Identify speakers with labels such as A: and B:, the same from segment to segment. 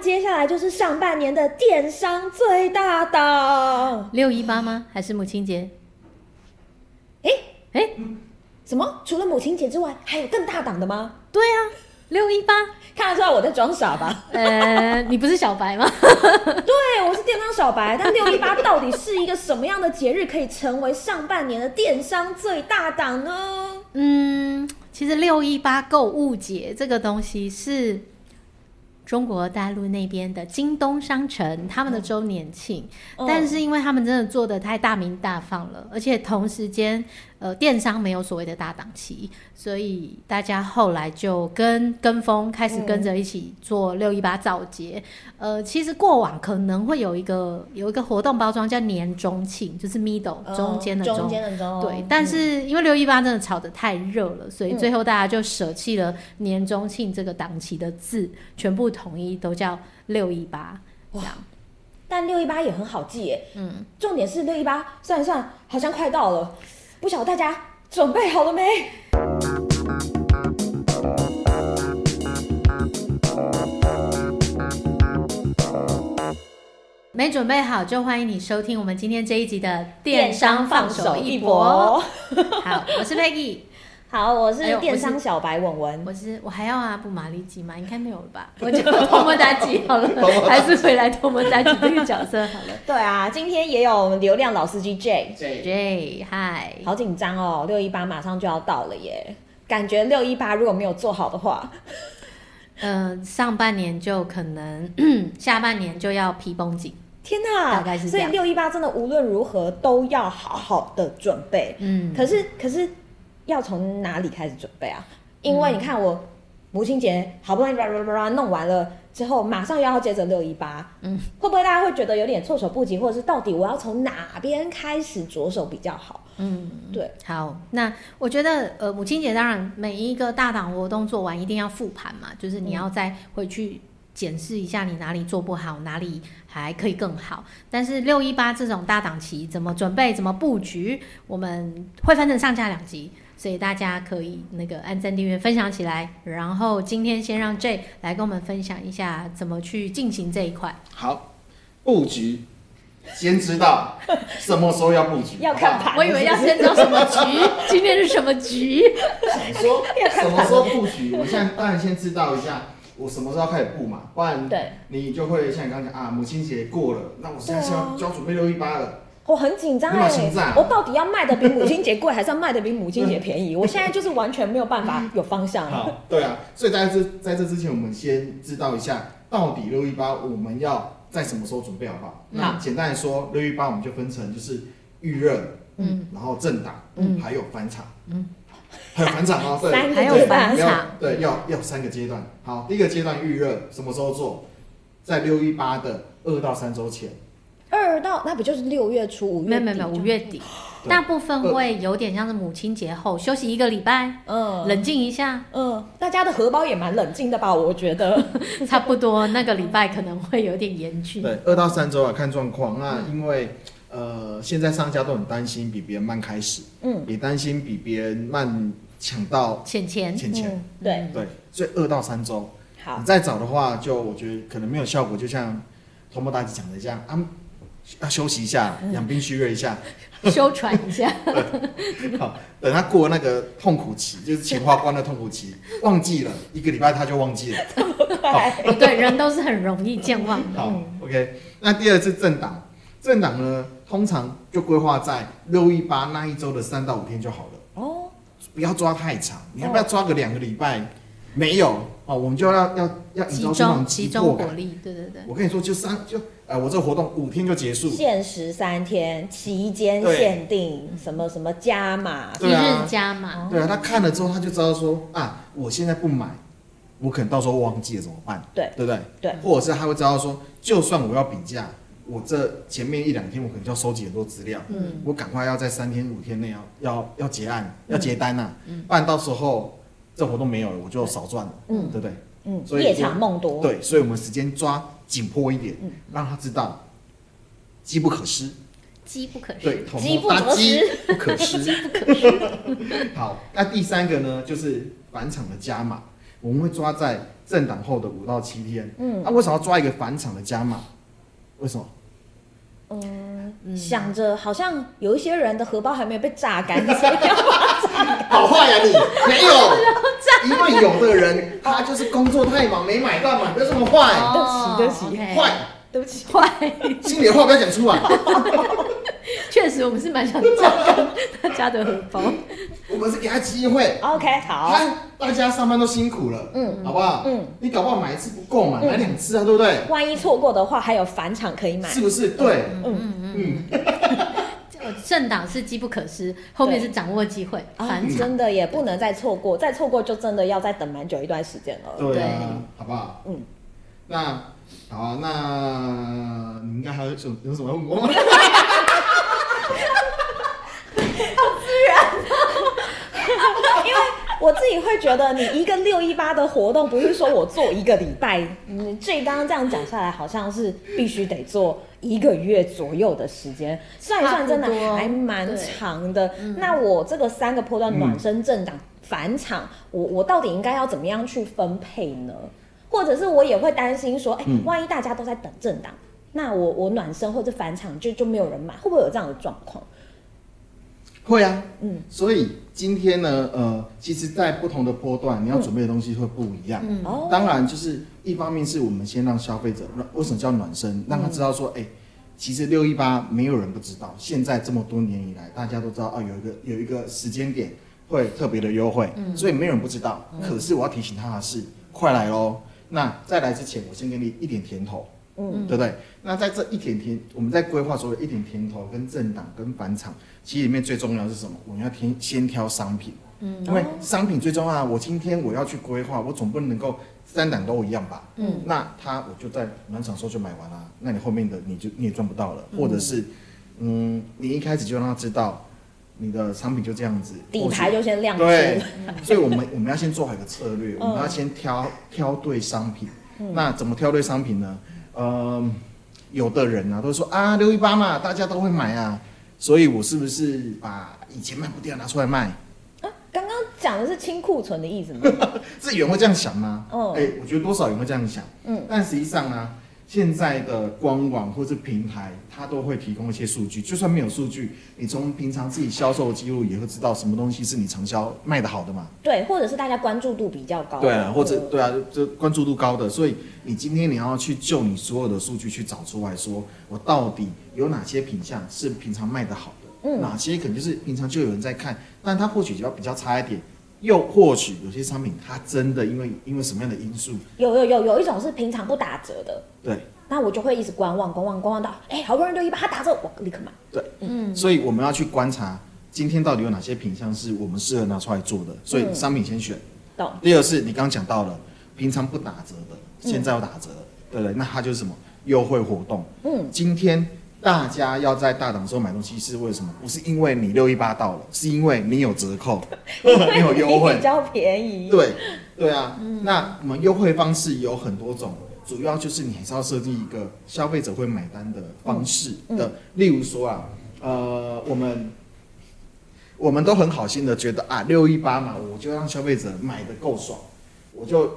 A: 接下來就是上半年的電商最大檔，六一八嗎？還是母親節？哎哎、欸，欸、什麼？除了母親節之外，還有更大檔的嗎？對啊，六一八，看得出來我在裝
B: 傻吧？呃，你不是小白嗎？
A: 對，我是電商小
B: 白， 但六一八到
A: 底是一個什麼樣的節日，可以成為上半年的電商最大檔呢？嗯，
B: 其實六一八購物節這個東西是。中國大陸那邊的京東商城他們的周年慶，嗯嗯、但是因為他們真的做得太大名大放了，而且同時間。呃，電商沒有所謂的大檔期，所以大家後來就跟跟風開始跟着一起做六一八造節。嗯、呃，其實過往可能會有一個有一個活動包裝叫年中慶，就是 middle、哦、中間的中，中間的中。對，嗯、但是因為六一八真的炒得太熱了，所以最後大家就舍棄了年中慶這個檔期的字，嗯、全部統一都叫六一八這樣。哇，
A: 但六一八也很好記耶，嗯。重點是六一八，算一算好像快到了。不曉得大家準備好了沒？
B: 沒準備好就歡迎你收聽我們今天這一集的電商放手一搏。一搏 好，我是 Peggy
A: 好，我是電商
B: 小白、哎、文文。我是，我，是我還要啊，不麻利幾嗎？應該沒有了吧？我
A: 就偷摸搭幾好了， 大還是回來偷摸搭幾的角色好了。對啊，今天也有流量老司機 J, J, J。J，嗨，好緊張哦！六一八馬上就要到了耶，感覺六一八如果沒有做好的話，
B: 嗯、呃，上半年就可能， 下半年就要皮繃緊。天哪，大概是這樣子。所以六
A: 一八真的無論如何都要好好的準備。嗯，可，可是可是。要從哪裡開始準備啊？嗯、因為你看我母親節好不容易叭叭叭弄完了之後，馬上又要接着六一八，嗯，會不會大家會覺得有點措手不及，或者是到底我要從哪邊開始着手比較好？嗯，對，好，
B: 那我覺得呃，母親節當然每一個大檔活動做完一定要复盤嘛，就是你要再回去檢視一下你哪裡做不好，哪裡還可以更好。但是六一八這種大檔期怎麼準備、怎麼布局，嗯、我們會分成上下兩集。所以大家可以那個按讚、訂閱、分享起來。然後今天先讓 Jay 來跟我們分享一下怎麼去進行這一塊。
C: 好，布局先知道什麼時候要布局。 吧
B: 要看盤，我以為要先知道什麼局， 今天是什麼局？
A: 想說 要看盤 什麼時候
C: 布局？我現在當然先知道一下我什麼時候要開始布嘛，不然你就會像你剛講啊，母親節過了，那我現在要要準備六一八了。
A: 我、哦、很緊張哎！啊、我到底要賣的比母親節貴， 還是要賣的比母親節便宜？ 我現在就是完全沒有辦法有方向、啊。好，
C: 對啊，所以大家在這之前，我們先知道一下，到底六一八我們要在什麼時候準備，好不好？好，那簡單來說，六一八我們就分成就是預熱，嗯，嗯，然後正檔，嗯，還有返場，嗯，還有返場哦，對， 還、啊、對有返場，對，要要三個階段。好，第一個階段預熱，什麼時候做？在六一八的二到三週前。
B: 二到那不就是六月初五月，就是？沒有沒有沒有五月底，大對部分會有點像是母親節後休息一個禮拜，嗯、呃，冷靜一下，嗯、呃，大家的荷包也蠻冷靜的吧？我覺得 差不多那個禮拜可能會有點嚴峻。對，
C: 二到三周啊，看狀況啊，那因為、嗯、呃現在商家都很擔心比別人慢開始，嗯，也擔心比別人慢搶到
B: 錢錢錢，對
C: 對，所以二到三周，好，你再早的話，就我覺得可能沒有效果，就像通過大姐講的這樣啊。要休息一下，養兵蓄銳一下，
B: 休、嗯、喘一下 。
C: 好，等他過那個痛苦期，就是錢花光的痛苦期，對忘記了，一個禮拜他就忘記
B: 了。對，人都是很容易健忘的。好、嗯、
C: OK，那第二次政黨，政黨呢，通常就規劃在六一八那一周的三到五天就好了。哦，不要抓太長，你要不要抓個兩個禮拜？哦、沒有。哦，我們就要要要集中，集中火力。感，對對
A: 對。我跟你
C: 說就，就三就，哎、呃，我這個活動五天就結束，限
A: 時三天，期間限定，對什麼什麼加碼，利潤、啊、加碼，對啊。他
C: 看了之後，他就知道說啊，我現在不買，我可能到時候忘記了怎麼辦？對對對？對，對，對或者是他會知道說，就算我要比價，我這前面一兩天我可能就要收集很多資料，嗯，我趕快要在三天五天內要要要結案，嗯、要結單吶、啊，嗯，不然到時候。這活動沒有了，我就少賺了，對嗯，對不對？嗯，夜長夢多。對，所以我們時間抓緊迫一點，嗯，讓他知道機不可失，
B: 機不可對，機不可失，機不可失。
C: 好，那第三個呢，就是返場的加碼，我們會抓在檔後的五到七天。嗯，那為什麼要抓一個返場的加碼？為什麼？
B: 嗯，
A: 想着好像有一些人的荷包還沒有被榨乾，
C: 好壞呀你，沒有，因為有的人 他就是工作太忙， 沒買到嘛，不要這麼壞。哦、對不起，Okay 壞對不起，壞。對不起，壞。心裡的話不要講出來。 確實，我們是蠻想炸他家的荷包。我們是給他機會。OK，好。看大家上班都辛苦了，嗯，好不好？嗯。你搞不好買一次不夠嘛，買兩次啊，對不對？
A: 萬
B: 一錯過的話，還有返場可以
C: 買，是不是？對。嗯嗯嗯。
B: 這個正檔是機不可失，後面是掌握機會。反正真的也
A: 不能再錯過，再錯過就真的要再等蠻久一段時間了。對啊，好不好？
C: 嗯。那好，那你應該還有什有什麼要問我嗎？哈哈哈好自然，哈哈哈因
A: 為我自己會覺得，你一個六一八的活動，不是說我做一個禮拜，你這剛剛這樣講下來，好像是必須得做一個月左右的時間，算一算真的還蠻長的。那我這個三個波段暖身、正檔、返場，我我到底應該要怎麼樣去分配呢？或者是我也會擔心說，哎，萬一大家都在等正檔？那我我暖身或者返場就就沒有人買，會不會有這樣的狀況？
C: 會啊，嗯。所以今天呢，呃，其實，在不同的波段，嗯、你要準備的東西會不一樣。嗯、哦。當然，就是一方面是我們先讓消費者，為什麼叫暖身？嗯、讓他知道說，哎，其實六一八沒有人不知道。現在這麼多年以來，大家都知道啊，有一個有一個時間點會特別的優惠，嗯。所以沒有人不知道。嗯、可是我要提醒他的是，嗯、快來嘍！那再來之前，我先給你一點甜頭。嗯，對不對？那在這一點甜，甜，我們在規劃所有一點甜，甜頭跟正檔跟返場，其實裡面最重要是什麼？我們要先挑商品，嗯，因為商品最重要、啊。我今天我要去規劃，我總不能夠三檔都一樣吧？嗯，那他我就在暖場時候就買完了、啊，那你後面的你就你也賺不到了。嗯、或者是，嗯，你一開始就讓他知道你的商品就這樣子，底牌就先亮出來對 所以我們我們要先做好一個策略，我們要先挑、嗯、挑對商品。嗯、那怎麼挑對商品呢？嗯、呃，有的人呢、啊、都說啊，六一八嘛，大家都會買啊，所以我是不是把以前賣不掉拿出來賣？
A: 啊，剛剛講的是清庫存的意思嗎？
C: 是有人會這樣想嗎？哎、哦欸，我覺得多少有人會這樣想。嗯，但實際上呢、啊。現在的官網或者平台，它都會提供一些數據。就算沒有數據，你從平常自己銷售的記錄也會知道什麼東西是你成銷賣得好的嘛？
A: 對，或者是大家關注度比較高。對啊，
C: 或者對,對啊，就關注度高的，所以你今天你要去就你所有的數據去找出來說，我到底有哪些品項是平常賣得好的？嗯，哪些可能就是平常就有人在看，但它或許就要比較差一點。又或許有些商品，它真的因為因為什麼樣的因素？
A: 有有有有一種是平常不打折的，對。那我就會一直觀望，觀望，觀望到，哎、欸，好不容易就一把它打折我，我立刻買。
C: 對，嗯。所以我們要去觀察今天到底有哪些品項是我們適合拿出來做的。所以商品先選。到、嗯。第二是你剛剛講到了，平常不打折的，現在要打折，對不、嗯、對？那它就是什麼優惠活動？嗯，今天。大家要在大檔的時候買東西是為什麼？不是因為你六一八到了,是因為你有折扣，你有優惠，比較
A: 便宜。 便宜
C: 對，對啊。嗯、那我們優惠方式有很多種，主要就是你還是要設計一個消費者會買單的方式的。嗯嗯、例如說啊，呃，我們我們都很好心的覺得啊，六一八嘛，我就讓消費者買得夠爽，我就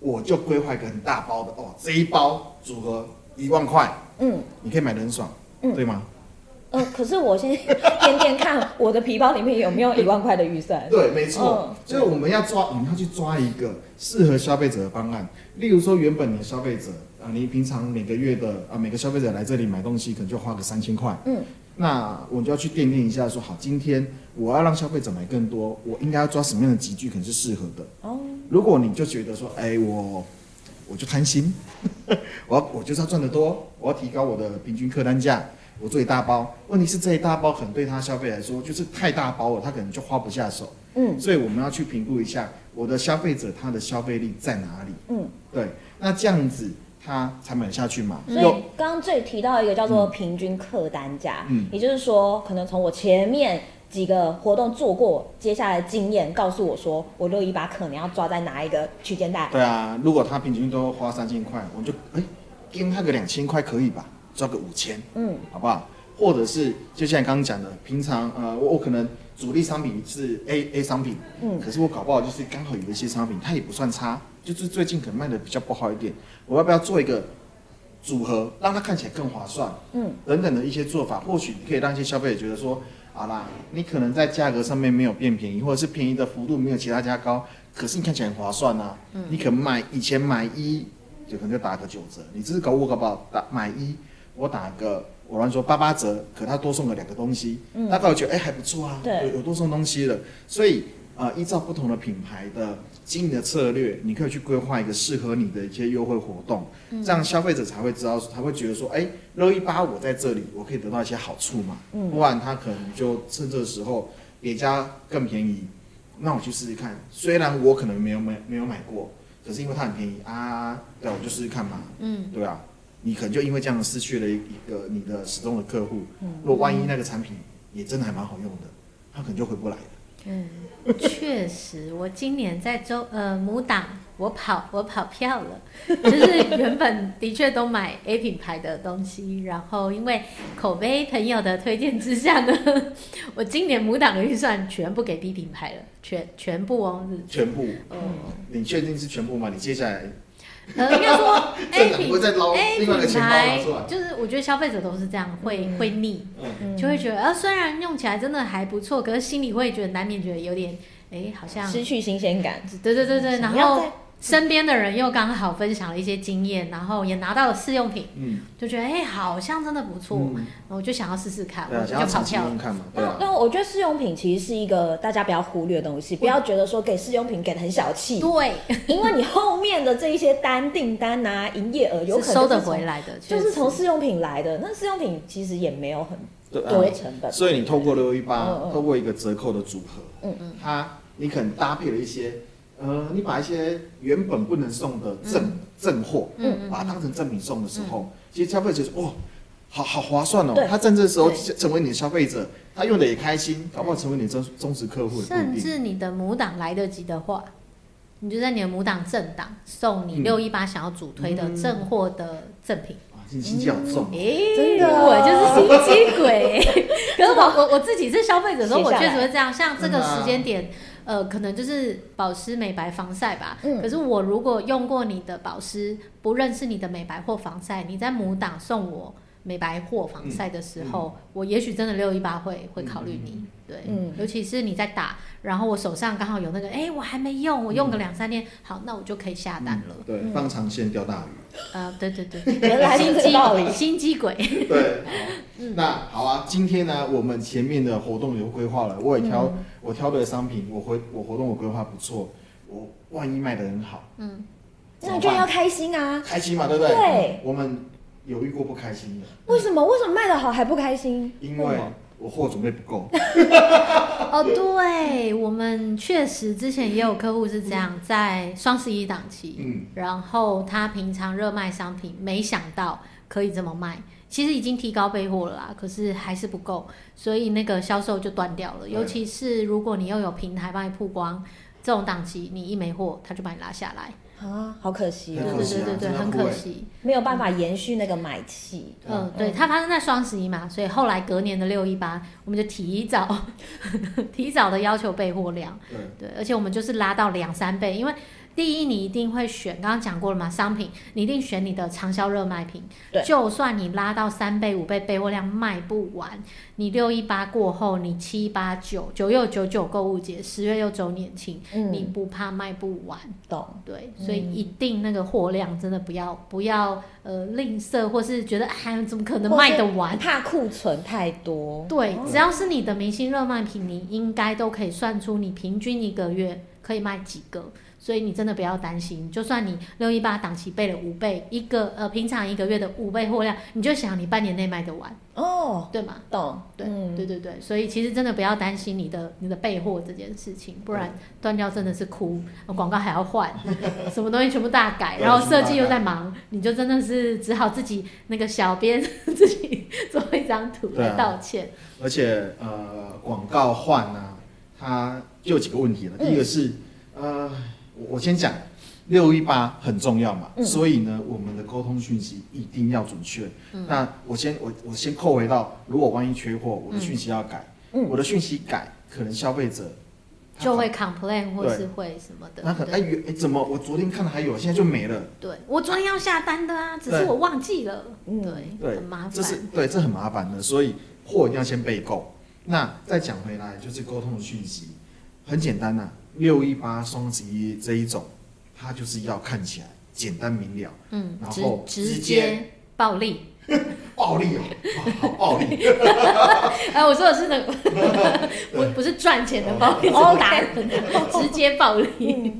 C: 我就規劃一個很大包的哦，這一包組合一萬塊，嗯，你可以買得很爽。對嗎？嗯、
A: 呃，可是我先掂掂看，我的皮包裡面有沒有一萬塊的預算？ 對，沒錯，嗯、
C: 所以我們要抓，我們要去抓一個適合消費者的方案。例如說，原本你的消費者啊，你平常每個月的啊，每個消費者來這裡買東西，可能就花個三千塊。嗯，那我就要去掂掂一下說，說好，今天我要讓消費者買更多，我應該要抓什麼樣的級距可能是適合的哦。如果你就覺得說，哎、欸，我。我就貪心，我要我就是要賺得多，我要提高我的平均客單價，我做一大包。問題是這一大包可能對他消費來說就是太大包了，他可能就花不下手。嗯，所以我們要去評估一下我的消費者他的消費力在哪裡。嗯，對，那這樣子他才買下去嘛。所以剛
A: 剛這裡提到一個叫做平均客單價，嗯，嗯，也就是說可能從我前面。幾個活動做過，接下來經驗告訴我說，我六一八可能要抓在哪一個區間帶？對
C: 啊，如果他平均都花三千塊，我就哎、欸，跟他個兩千塊可以吧？抓個五千，嗯，好不好？或者是就像你剛剛講的，平常呃，我我可能主力商品是 A A 商品，嗯，可是我搞不好就是剛好有一些商品它也不算差，就是最近可能賣的比較不好一點，我要不要做一個組合，讓它看起來更划算？嗯，等等的一些做法，或許可以讓一些消費者覺得說。好啦，你可能在價格上面沒有變便宜，或者是便宜的幅度沒有其他家高，可是你看起來很划算吶、啊。嗯、你可能買以前買一就可能就打個九折，你只是搞我搞不好打買一，我打個我亂說八八折，可他多送了兩個東西，嗯、他倒覺得哎、欸、還不錯啊，有有對多送東西了，所以。呃，依照不同的品牌的經營的策略，你可以去規劃一個適合你的一些優惠活動，這樣消費者才會知道，才會覺得說，哎，六一八我在這裡，我可以得到一些好處嘛。嗯，不然他可能就趁這個時候，別家更便宜，那我去試試看。雖然我可能沒有買，沒有買過，可是因為它很便宜啊，對，我就試試看嘛。嗯，對啊，你可能就因為這樣失去了一個你的始終的客戶。嗯，如果萬一那個產品也真的還蠻好用的，他可能就回不來了。
B: 嗯，確實，我今年在周呃母檔，我跑我跑票了，就是原本的確都買 A 品牌的東西，然後因為口碑朋友的推薦之下呢，我今年母檔的預算全部給 B 品牌了，全全部哦，
C: 全部哦，你確定是全部嗎？你接下來。
B: 呃，應該說，A 品，A 品牌，就是我覺得消費者都是這樣，會會膩，
C: 就會覺
B: 得，呃，雖然用起來真的還不錯，可是心裡會覺得難免覺得有點，欸，好像失去新鮮感。對,對對對對，然後。身邊的人又剛好分享了一些經驗，然後也拿到了試用品，嗯，就覺得哎，好像真的不錯，我就想要試試看，我想要跑跳
C: 看嘛，
B: 那我覺得試用品其實是一個大家不要忽略的東西，不要覺
A: 得說給試用品給得很小氣。對，因為你後面的這一些單訂單啊，營業額有可能是收得回來的，就是從試用品來的。那試用品其實也沒有很
C: 多成本，所以你透過六一八，透過一個折扣的組合，嗯嗯，它你可能搭配了一些。呃，你把一些原本不能送的正貨，嗯，把它當成贈品送的時候，其實消費者說哇，好好划算哦。他在這時候成為你的消費者，他用的也開心，搞不好成為你忠忠實客戶。甚至
B: 你的母黨來得及的話，你就在你的母黨正黨送你六一八想要主推的正貨的贈品。
C: 心機好重，哎，
B: 真的，我就是心機鬼。可是我我我自己是消費者的時候，我確實會這樣。像這個時間點。呃，可能就是保濕、美白、防曬吧。嗯。可是我如果用過你的保濕，不認識你的美白或防曬，你在母檔送我美白或防曬的時候，嗯嗯、我也許真的六一八會、嗯、會考慮你。嗯、對。嗯。尤其是你在打，然後我手上剛好有那個，哎、嗯欸，我還沒用，我用個兩三天，嗯、好，那我就可以下單了、嗯。
C: 對，嗯、放長線釣大魚。
B: 啊，uh, 對對對，原來有道理，心機 鬼。 對，
C: 好嗯、那好啊，今天呢，我們前面的活動有規劃了，我也挑、嗯、我挑對的商品，我回我活動我規劃不錯，我萬一賣的很好，嗯，那就要開
A: 心啊，開心嘛，對不對？對、嗯，
C: 我們有遇過不開心的，
A: 為什麼？嗯、為什麼賣的好還不開心？
C: 因為我貨準備不夠。
B: 哦，oh, 對，Yeah. 我們確實之前也有客戶是這樣，mm. 在雙十一檔期，嗯，mm. 然後他平常熱賣商品，沒想到可以這麼賣，其實已經提高備貨了啦，可是還是不夠，所以那個銷售就斷掉了。Mm. 尤其是如果你又有平台幫你曝光，這種檔期你一沒貨，他就把你拉下來。啊，好可惜哦，對對對對對，對對對很可惜，可惜沒有辦法延續那個買氣。嗯，對，它發生在雙十一嘛，所以後來隔年的六一八，我們就提早 提早的要求備貨量。對，對，而且我們就是拉到兩三倍，因為。第一，你一定會選，剛剛講過了嘛？商品你一定選你的暢銷熱賣品。對就算你拉到三倍、五倍備貨量賣不完，你六一八過後，你七八九九月九九購物節，十月又週年慶，嗯、你不怕賣不完？懂對，嗯、所以一定那個貨量真的不要不要呃吝嗇，或是覺得有、哎、怎麼可能賣得完？怕
A: 庫存太多。
B: 對，只要是你的明星熱賣品，哦、你應該都可以算出你平均一個月可以賣幾個。所以你真的不要擔心，就算你六一八檔期備了五倍一個呃平常一個月的五倍貨量，你就想你半年內賣得完哦，對嗎？懂，對，對對對，所以其實真的不要擔心你的你的備貨這件事情，不然斷掉真的是哭、哦呃，廣告還要換， 什麼東西全部大改，對然後設計又在忙，吧你就真的是只好自己那個小編自己做一張圖來道歉。
C: 啊、而且呃廣告換呢、啊，它就有幾個問題呢，嗯、第一個是呃。我先講，六一八很重要嘛，所以呢，我們的溝通訊息一定要準確。那我先我我先扣回到，如果萬一缺貨，我的訊息要改，我的訊息改，可能消費者
B: 就會 complain 或
C: 是會什麼的。那可哎怎麼我昨天看的還有，現在就沒了？
B: 對我昨天要下單的啊，只是我忘記了。對
C: 對，很麻煩。這是對，這很麻煩的，所以貨一定要先備夠。那再講回來，就是溝通的訊息，很簡單吶。六一八、雙十一這一種，它就是要看起來簡單明了。
B: 嗯，然後直接，直接暴力，
C: 暴力哦，哦，好
B: 暴力！哎、 呃，我說的是那個，
C: 對我
B: 不是賺錢的暴利，歐達、嗯， 直接暴力，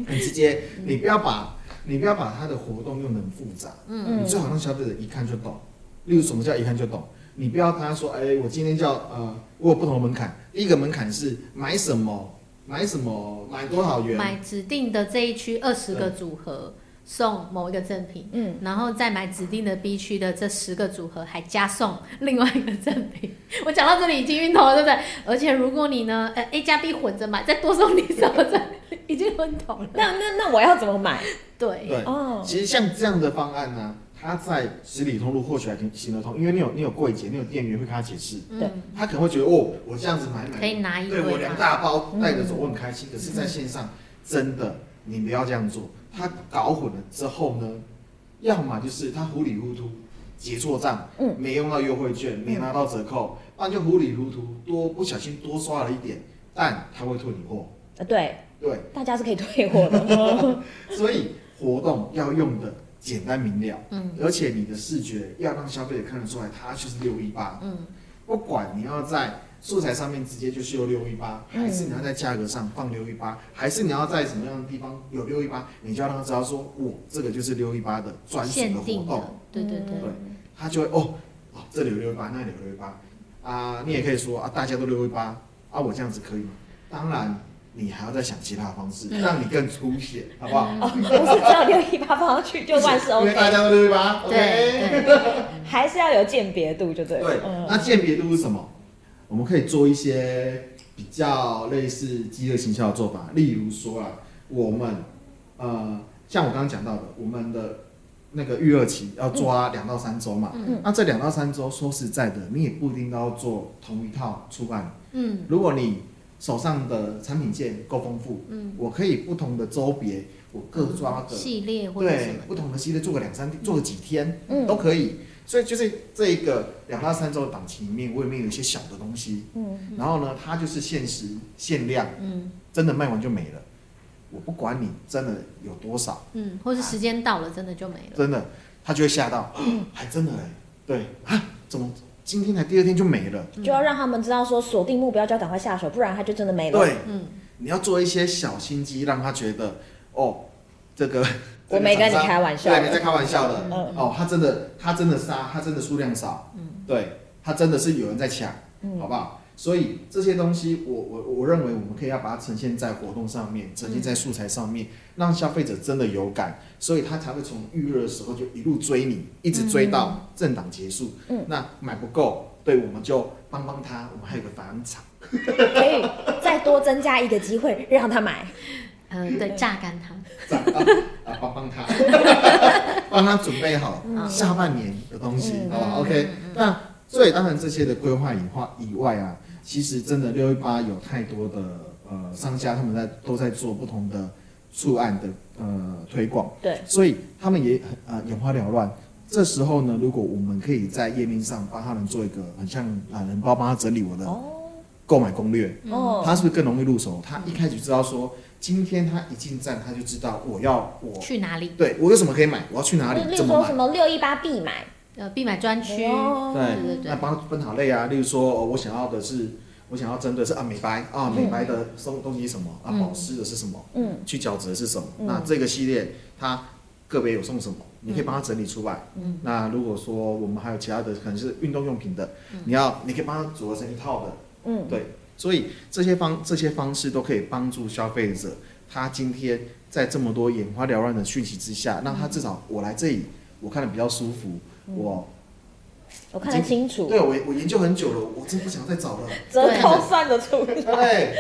C: 很、嗯、直接。你不，嗯、你不要把，你不要把它的活動弄得很複雜。嗯，你最好讓消費者一看就懂。例如什麼叫一看就懂？你不要他說，哎，我今天叫呃，我有不同的門檻。第一個門檻是買什麼？買什麼？買多少元？買
B: 指定的這一區二十個組合對送某一個贈品，嗯，然後再買指定的 B 區的這十個組合，還加送另外一個贈品。 我講到這裡已經暈頭了，對不對？而且如果你呢，呃，A 加 B 混着買，再多送你什麼贈？ 已經暈頭了。那那那
A: 我要怎麼買？對
B: 對，對哦，其
C: 實像這樣的方案呢、啊。他在實體通路或許還行得通，因為你有你有櫃姐，你有店員會跟他解釋，對、嗯，他可能會覺得哦，我這樣子買買，可以
B: 拿一個、啊、對，我兩大
C: 包帶着走，嗯、我很開心。可是在線上，真的，你不要這樣做。他搞混了之後呢，要麼就是他糊裡糊塗結錯賬，嗯，沒用到優惠券，沒拿到折扣，不然就糊裡糊塗多不小心多刷了一點，但他會退你貨，啊、呃，對，對，
A: 大家是可以退貨
C: 的， 所以活動要用的。簡單明了，嗯，而且你的視覺要讓消費者看得出來，它就是六一八，嗯，不管你要在素材上面直接就是有六一八，還是你要在價格上放六一八，還是你要在什麼樣的地方有六一八，你就要讓他知道說我這個就是六一八的專屬的活動哦，對對對，對他就會哦，哦這裡有六一八，那裡有六一八，啊你也可以說啊大家都六一八，啊我這樣子可以嗎？當然。你還要再想其他方式，讓你更出血 好不好？
A: 不是叫六一八放上去就算是 okay。 OK，大家都六一八，ok 還是要有鑑別度，就對了。對，那
C: 鑑別度是什麼？ 我們可以做一些比較類似飢餓行銷的做法，例如說啊，我們呃，像我剛剛講到的，我們的那個預熱期要抓兩到三周嘛嗯。嗯。那這兩到三周，說實在的，你也不一定都要做同一套出版。嗯。如果你手上的產品線夠豐富，嗯，我可以不同的周別，我各抓個、嗯、系
B: 列或是，或者對，
C: 不同的系列做個兩三，嗯、做個幾天，嗯，都可以。所以就是這一個兩到三周的檔期裡面，我裡面有一些小的東西，嗯，嗯然後呢，它就是限時限量，嗯，真的賣完就沒了。嗯、我不管你真的有多少，嗯，
B: 或是時間到了真的就沒了，啊、真
C: 的，他就會嚇到，嗯、還真的、欸，對，啊，怎麼？今天才第二天就沒了，
B: 就要讓他
A: 們知道說，鎖定目標就要趕快下手，不然他就真的沒了。對，嗯，
C: 你要做一些小心機，讓他覺得哦，這個、這個、我沒跟你開玩笑，對，你在開玩笑的，嗯、哦，他真的，他真的殺，他真的數量少，嗯，對他真的是有人在搶，嗯，好不好？所以這些東西我，我我我認為我們可以要把它呈現在活動上面，呈現在素材上面，嗯、讓消費者真的有感，所以他才會從預熱的時候就一路追你，一直追到正檔結束。嗯，那買不夠，對，我們就幫幫他，我們還有一個返場，嗯、
A: 可以再多增加一個機會讓他買。嗯、
C: 呃，
B: 對，榨乾、 啊啊、他，
C: 榨乾，幫幫他，幫他準備好、嗯、下半年的東西，嗯、好不好 OK 那。所以當然這些的規劃以外啊，其實真的六一八有太多的呃商家他們在都在做不同的促案的呃推廣，對，所以他們也很呃眼花繚亂。這時候呢，如果我們可以在頁面上幫他們做一個很像啊，能幫幫他整理我的購買攻略，哦，他是不是更容易入手？他一開始知道說今天他一進站他就知道我要我去哪裡，對我有什麼可以買，我要去哪裡，比如說什
B: 麼六一八必買。呃，必買專區，oh, 對對
C: 對，對，那幫分好類啊，例如說，我想要的是，我想要針對是啊，美白啊，美白的送的東西什麼、嗯、啊，保濕的是什麼，嗯，去角質的是什麼，嗯、那這個系列它個別有送什麼，你可以幫他整理出來。嗯，那如果說我們還有其他的，可能是運動用品的，嗯、你要，你可以幫他組合成一套的。嗯，對，所以這些方，這些方式都可以幫助消費者，他今天在這麼多眼花繚亂的訊息之下，那他至少我來這裡，我看的比較舒服。我我看得清楚，對我我研究很久了，我真不想再找了。折扣 算得出來，來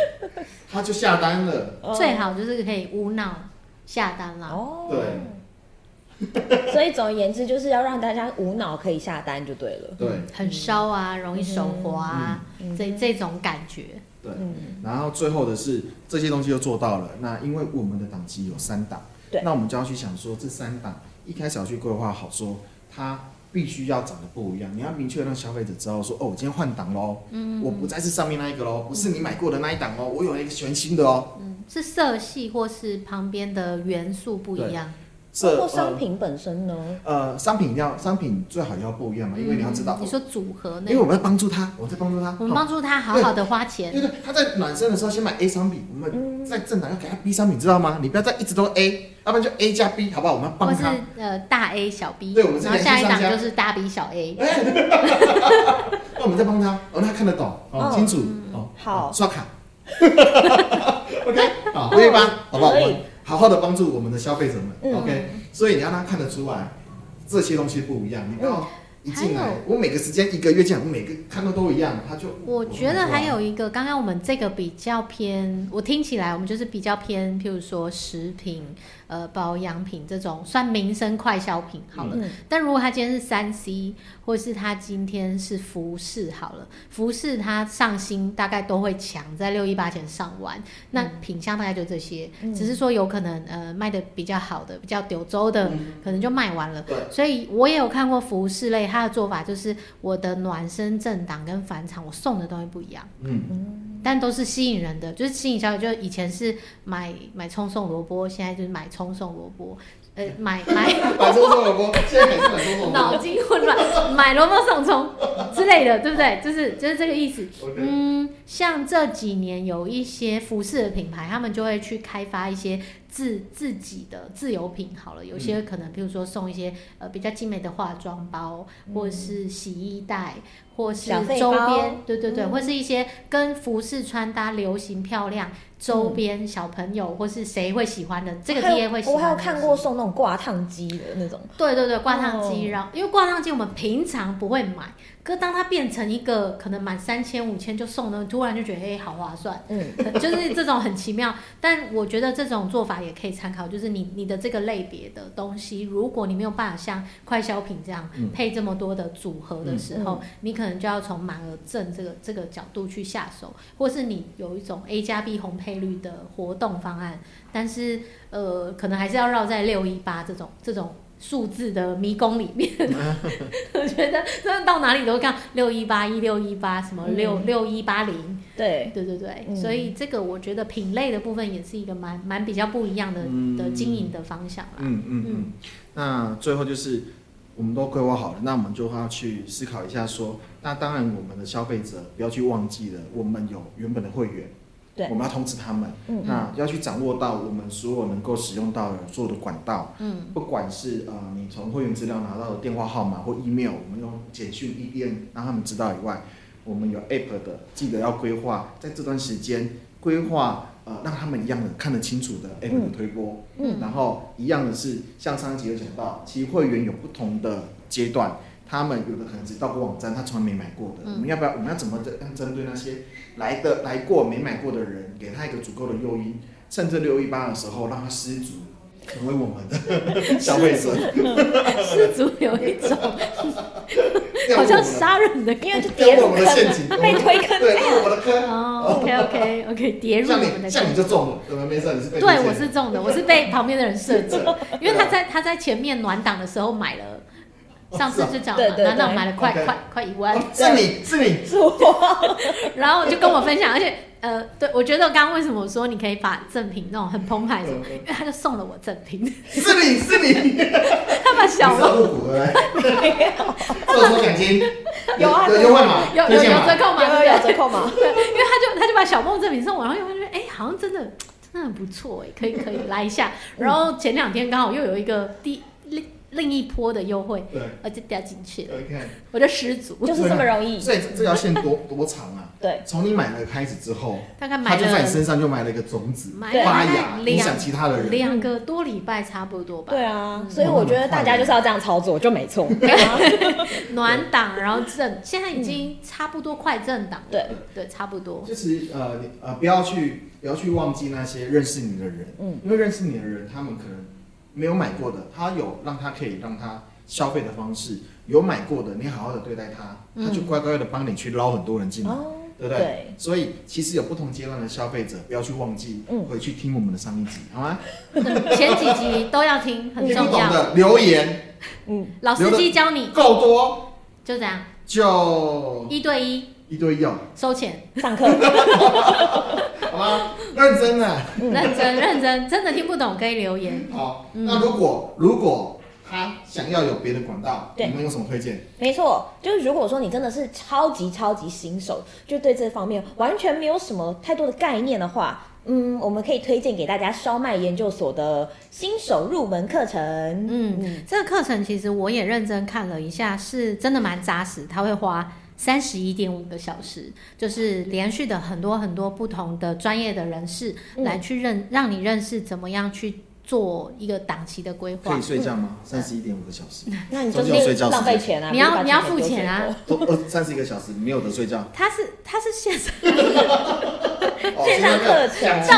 C: 他就下單了。Oh. 最
B: 好就是可以無腦下單了。哦，oh. 對， 所以總而言之，就
A: 是要讓大家無腦可以下單就對了。對，很燒啊，容易手滑啊，
B: 這、mm hmm. 這種感覺。
C: 對，然後最後的是這些東西都做到了。那因為我們的檔期有三檔，對那我們就要去想說這三檔一開始要去規劃好說。它必須要長得不一樣，你要明確讓消費者知道說，哦，我今天換檔咯，嗯，我不再是上面那一個咯，不是你買過的那一檔哦，我有一個全新的哦，嗯，
B: 是色系或是旁邊的元素不一樣。或商品
C: 本身呢？呃，商品一定要，商品最好要不一樣嘛，因為你要知道。你說
B: 組合，因為我們要
C: 幫助他，我們在幫助他。我們幫助他，好好的花錢。對對，他在暖身的時候先買 A 商品，我們在正檔要給他 B 商品，知道嗎？你不要再一直都 A，要不然就 A 加 B，好不好？我們要幫他。或
B: 是呃大 A 小 B。對，
C: 我們再下一檔就是大 B 小 A。那我們再幫他，讓他看得懂，哦，清楚哦，好，刷卡。哈哈哈哈哈！OK，好，可以幫，好不好？好好的幫助我們的消費者們、嗯、，OK？所以你讓他看得出來這些東西不一樣。嗯、你不要一進來，還有、我每個時間一個月進來，我每個看到都一樣，他就。我覺得還有
B: 一個，剛剛、嗯、我們這個比較偏，我聽起來我們就是比較偏，譬如說食品。呃，保養品這種算民生快消品好了。但如果他今天是 3C，或是他今天是服飾好了，服飾他上新大概都會搶在六一八前上完。那品項大概就這些，只是說有可能呃賣得比較好的、比較丟州的，可能就賣完了。所以我也有看過服飾類，他的做法就是我的暖身正檔跟返場，我送的東西不一樣。嗯。嗯但都是吸引人的，就是吸引消費就以前是買買蔥送蘿蔔，現在就是買蔥送蘿蔔，呃，買買 買蔥送蘿蔔，現在還是買蔥送，送腦筋混亂，買蘿蔔送蔥之類的， 對不對？就是就是這個意思。Okay. 嗯，像這幾年有一些服飾的品牌，他們就會去開發一些自自己的自有品。好了，有些可能比如說送一些呃比較精美的化妝包，嗯，或者是洗衣袋。或是周邊，對對對，嗯、或是一些跟服飾穿搭、流行漂亮周邊，小朋友，或是誰會喜歡的，嗯、這個你也會。喜歡的。我還有看
A: 過送那種掛燙機的那種。
B: 對對對，掛燙機，哦、然後因為掛燙機我們平常不會買，可當它變成一個可能滿三千五千就送的，突然就覺得哎、欸，好划算。嗯。 就是這種很奇妙，但我覺得這種做法也可以參考。就是你你的這個類別的東西，如果你沒有辦法像快消品這樣配這麼多的組合的時候，你可、嗯。嗯嗯可能就要從滿額贈這個這個角度去下手，或是你有一種 A 加 B 紅配綠的活動方案，但是呃，可能還是要繞在六一八這種這種數字的迷宮裡面。 我覺得那到哪裡都看六一八一六一八什麼六六一八零，對對對對，嗯、所以這個我覺得品類的部分也是一個蠻蠻比較不一樣的的經營的方向啦。嗯
C: 嗯嗯，嗯嗯嗯那最後就是。我們都規劃好了，那我們就要去思考一下說，說那當然我們的消費者不要去忘記了，我們有原本的會員，對，我們要通知他們，嗯、哼那要去掌握到我們所有能夠使用到的所有的管道，嗯、不管是呃你從會員資料拿到的電話號碼或 email，我們用簡訊、email 讓他們知道以外，我們有 app 的，記得要規劃在這段時間規劃。呃，讓他們一樣的看得清楚的 app、嗯、的推播，嗯，然後一樣的是，像上一集有講到，其實會員有不同的階段，他們有的可能是到過網站，他從來沒買過的，嗯、我們要不要？我們要怎麼針針對那些來的來過沒買過的人，給他一個足夠的誘因，趁這六一八的時候讓他失足。嗯嗯成為我們的小貴族。失足有一
B: 種，好像殺人的，因為就跌入我們的陷阱，被推坑，對，我的坑。哦，OK，OK，OK，跌入，像你，像你就中
C: 了，對，我是
B: 中的，我是被旁邊的人設置，因為他在他在前面暖檔的時候買了。上次是講嘛，難道買了快快快一萬？是你
C: 是你，然後就跟我分享，而且
B: 呃，對，我覺得我剛剛為什麼我說你可以把贈品那種很澎湃，因為他就送了我贈品。是你是你，他把小夢，有
C: 有有折扣嗎？有折扣嗎？
B: 對，因為他就他就把小夢贈品送我，然後又覺得哎，好像真的真的很不錯哎，可以可以來一下。然後前兩天剛好又有一個第。另一波的優惠，對，我就掉進去了。OK 看，我就失足、欸，就是這麼容易。啊、所以這條線
C: 多多長啊？ 對，從你買了開始之後，買他買了，就在你身上就埋了一個種子，發對芽，影響其他的人。兩
B: 個多禮拜差不多吧。對啊，嗯、所以我
A: 覺得大家就是要這樣操作，就沒錯。
B: 對啊、 暖檔，然後正，現在已經差不多快正檔了。對對，對，差不多。就是
C: 呃，呃，不要去不要去忘記那些認識你的人，嗯，因為認識你的人，他們可能。沒有買過的，他有讓他可以讓他消費的方式；有買過的，你好好的對待他，他就乖乖的幫你去撈很多人進來，嗯、對不對？嗯、所以其實有不同階段的消費者，不要去忘記回、嗯、去聽我們的上一集，好嗎？
B: 前幾集都要聽，很重要。不懂的留言，嗯，老司機教你。夠多、嗯？就這樣。就一對一。
C: 一堆藥
B: 收錢上課，好
C: 嗎、 啊？認真啊， 嗯、
B: 認真認真，真的聽不懂可以留言、嗯。
C: 好，那如果、嗯、如果他、啊、想要有別的管道，對，你們有什麼推薦？
A: 沒錯，就是如果說你真的是超級超級新手，就對這方面完全沒有什麼太多的概念的話，嗯，我們可以推薦給大家燒賣
B: 研究所的新手入門課程。嗯，這個課程其實我也認真看了一下，是真的蠻扎實，他會花。三十一點五個小時，就是連續的很多很多不同的專業的人士來去認、嗯、讓你認識怎麼樣去。做一個檔期的規劃。可以睡覺嗎？三
C: 十一點五個小時，那你就沒有浪費錢了。你要你要付錢啊！三十一個小時你沒有得睡覺。
B: 他是他是線上
C: 線上課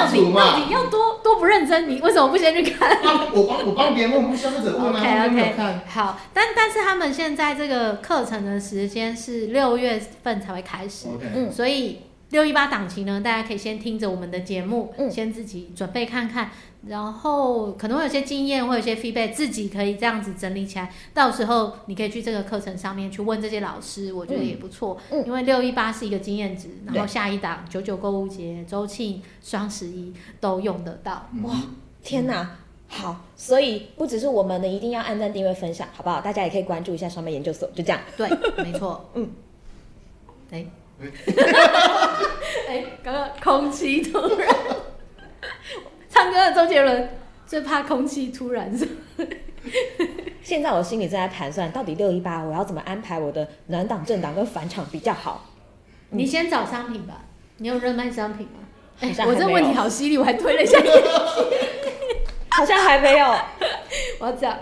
C: 程，你你
B: 要多多不認真，你為什麼不先去看？我
C: 幫，我幫別人，我不想惹我。OK OK。
B: 好，但但是他們現在這個課程的時間是六月份才會開始。OK。嗯，所以。六一八檔期呢，大家可以先聽着我們的節目，嗯、先自己準備看看，然後可能會有些經驗，會有些 feedback，自己可以這樣子整理起來。到時候你可以去這個課程上面去問這些老師，我覺得也不錯。嗯嗯、因為六一八是一個經驗值，對然後下一檔九九購物節、週慶、雙十一都用得到。嗯、哇，
A: 天哪！嗯、好，所以不只是我們的，一定要按讚、訂閱、分享，好不好？大家也可以關注一下雙面研究所。就這樣，對， 沒錯，嗯，哎、欸。
B: 哎，剛剛、 欸、空氣突然唱歌的周杰倫最怕空氣突然熱。
A: 現在我心裡正在盤算，到底六一八我要怎麼安排我的暖檔正檔、跟返場比較好？你先
B: 找商品吧。嗯、你有熱賣商品嗎、欸？我這問題好犀利，我還推了一下眼鏡。 好像還沒有。我要講。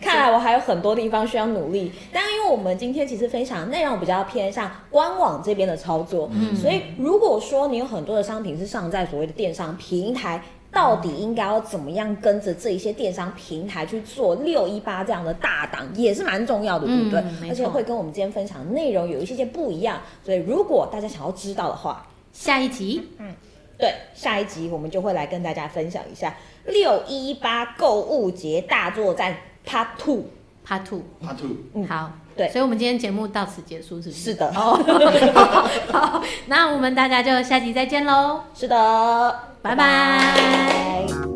B: 看來我還
A: 有很多地方需要努力，但因為我們今天其實分享的內容比較偏向官網這邊的操作，嗯、所以如果說你有很多的商品是上在所謂的電商平台，到底應該要怎麼樣跟着這一些電商平台去做六一八這樣的大檔，也是蠻重要的，嗯、對不對？沒錯。而且會跟我們今天分享的內容有一些些不一樣，所以如果大家想要知道的話，下一集，
B: 嗯，
A: 對，下一集我們就會來跟大家分享一下。六一八購物節大作戰 Part Two
B: Part Two Part Two 嗯，好，對，所以我們今天節目到此結束，是不是？是的 好，好，那我們大家就下集再見嘍。是的，bye bye 拜拜。